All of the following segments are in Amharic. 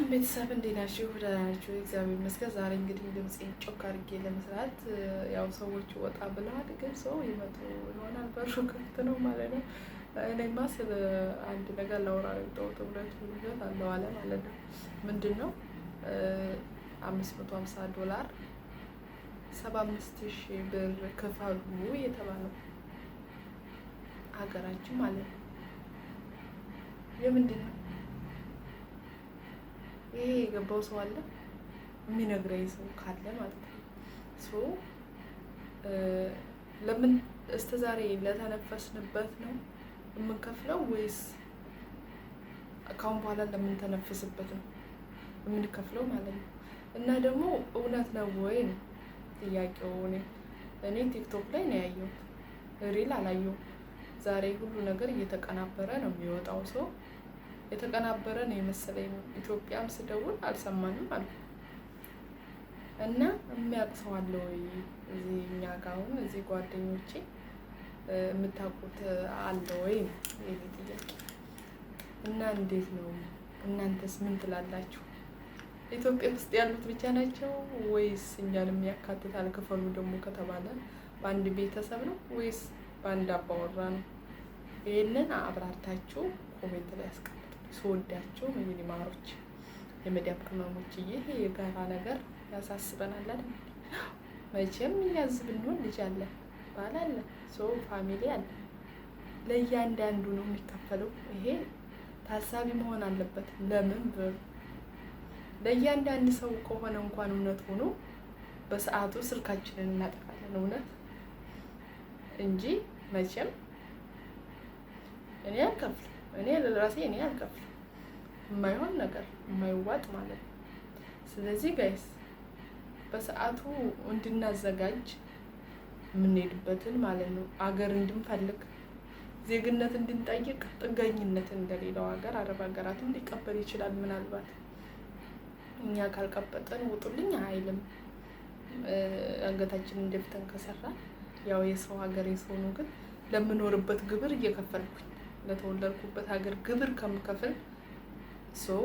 ሰላም ቤተሰብ እንዴት ናችሁ? ደህና ናችሁ? እግዚአብሔር ይመስገን። ዛሬ እንግዲህ ድምፅ ጮክ አድርጌ ለመስራት ያው ሰዎቹ ወጣ ብለዋል፣ ግን ሰው ይመጡ ይሆናል። በሩ ክፍት ነው ማለት ነው። እኔማ ስለ አንድ ነገር ላውራ ነው ብለት ምንት አለዋለ ማለት ነው። ምንድን ነው አምስት መቶ ሀምሳ ዶላር ሰባ አምስት ሺ ብር ክፈሉ የተባለው ሀገራችን ማለት ነው። የምንድን ነው ይሄ የገባው ሰው አለ የሚነግረኝ ሰው ካለ ማለት ነው። ለምን እስከ ዛሬ ለተነፈስንበት ነው የምንከፍለው ወይስ ካሁን በኋላ ለምንተነፍስበት ነው የምንከፍለው ማለት ነው። እና ደግሞ እውነት ነው ወይ ነው ጥያቄው። እኔ ቲክቶክ ላይ ነው ያየሁት፣ ሪል አላየሁም። ዛሬ ሁሉ ነገር እየተቀናበረ ነው የሚወጣው ሰው የተቀናበረ ነው የመሰለኝ። ኢትዮጵያም ስደውል አልሰማንም አሉ እና የሚያቅሰዋለ ወይ እዚህ እኛ ጋር አሁን እዚህ ጓደኞቼ የምታውቁት አለ ወይ ነው የኔ ጥያቄ። እና እንዴት ነው እናንተስ ምን ትላላችሁ? ኢትዮጵያ ውስጥ ያሉት ብቻ ናቸው ወይስ እኛን ያካትታል ክፈሉ ደግሞ ከተባለ በአንድ ቤተሰብ ነው ወይስ በአንድ አባወራ ነው? ይህንን አብራርታችሁ ኮሜንት ላይ ያስቀምጡ። ስወዳቸው የኔ ማሮች የመዳብ ቅመሞች ይህ የጋራ ነገር ያሳስበናል አይደል? መቼም እኛ ብንሆን ልጅ አለ፣ ባል አለ፣ ሰው ፋሚሊ አለ። ለእያንዳንዱ ነው የሚከፈለው። ይሄ ታሳቢ መሆን አለበት። ለምን ለእያንዳንድ ሰው ከሆነ እንኳን እውነት ሆኖ በሰዓቱ ስልካችንን እናጠፋለን እውነት እንጂ መቼም እኔ አልከፍልም። እኔ ለራሴ እኔ አልከፍል የማይሆን ነገር የማይዋጥ ማለት ነው። ስለዚህ ጋይስ በሰዓቱ እንድናዘጋጅ የምንሄድበትን ማለት ነው አገር እንድንፈልግ ዜግነት እንድንጠይቅ ጥገኝነት እንደሌላው ሀገር አረብ ሀገራትም ሊቀበል ይችላል። ምናልባት እኛ ካልቀበጠን ውጡልኝ አይልም። አገታችን ደፍተን ከሰራ ያው የሰው ሀገር የሰው ነው። ግን ለምኖርበት ግብር እየከፈልኩኝ ለተወለድኩበት ሀገር ግብር ከምከፍል ሰው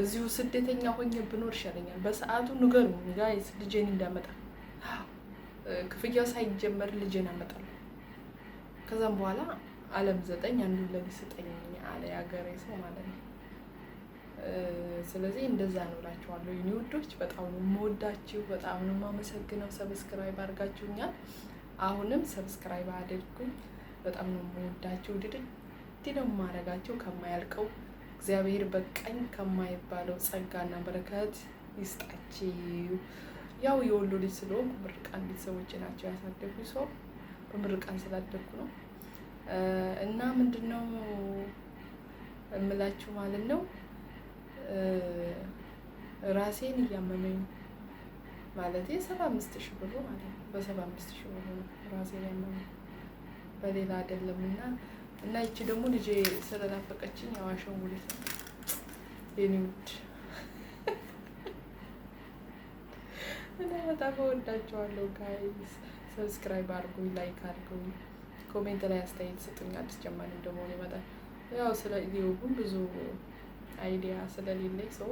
እዚሁ ስደተኛ ሆኜ ብኖር ይሻለኛል። በሰዓቱ ንገሩ ጋይስ ልጄን እንዳመጣ ክፍያ ሳይጀመር ልጄን አመጣለሁ። ከዛም በኋላ አለም ዘጠኝ አንዱ ስጠኝ አለ የሀገሬ ሰው ማለት ነው። ስለዚህ እንደዛ ነው እላችኋለሁ። የኔ ውዶች በጣም ነው የምወዳችሁ፣ በጣም ነው የማመሰግነው። ሰብስክራይብ አድርጋችሁኛል። አሁንም ሰብስክራይብ አድርጉኝ። በጣም ነው የምወዳችሁ ድድል እንዲህ ነው የማደርጋቸው ከማያልቀው እግዚአብሔር በቀኝ ከማይባለው ጸጋና በረከት ይስጣችው። ያው የወሎ ልጅ ስለሆንኩ ምርቃን ቤተሰቦች ናቸው ያሳደጉ ሰው በምርቃን ስላደጉ ነው እና ምንድን ነው እምላችሁ ማለት ነው ራሴን እያመመኝ ማለት ሰባ አምስት ሺህ ብሩ ማለት ነው። በሰባ አምስት ሺህ ብሩ ነው ራሴን ያመመኝ በሌላ አይደለም እና እና ይቺ ደግሞ ልጅ ስለናፈቀችኝ ያው አሻንጉሊት ነው የኔ ውድ እና በጣም እወዳቸዋለሁ። ጋይስ ሰብስክራይብ አድርጉኝ፣ ላይክ አድርጉኝ፣ ኮሜንት ላይ አስተያየት ስጡኝ። አዲስ ጀማሪ እንደመሆን ይመጣል ያው ስለ ሁሉ ብዙ አይዲያ ስለሌለኝ ሰው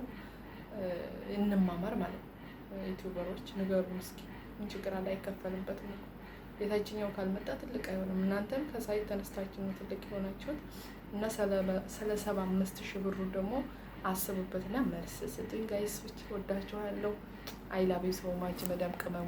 እንማማር ማለት ነው። ዩቱበሮች ንገሩን እስኪ ምን ችግር አለ? አይከፈልበትም እኮ የታችኛው ካልመጣ ትልቅ አይሆንም። እናንተም ከሳይት ተነስታችሁ ነው ትልቅ የሆናችሁት እና ስለ ሰባ አምስት ሺህ ብሩ ደግሞ አስቡበትና መልስ ስጡኝ ጋይሶች። ወዳችኋለሁ። አይላቤ ሰው ማች መደምቅ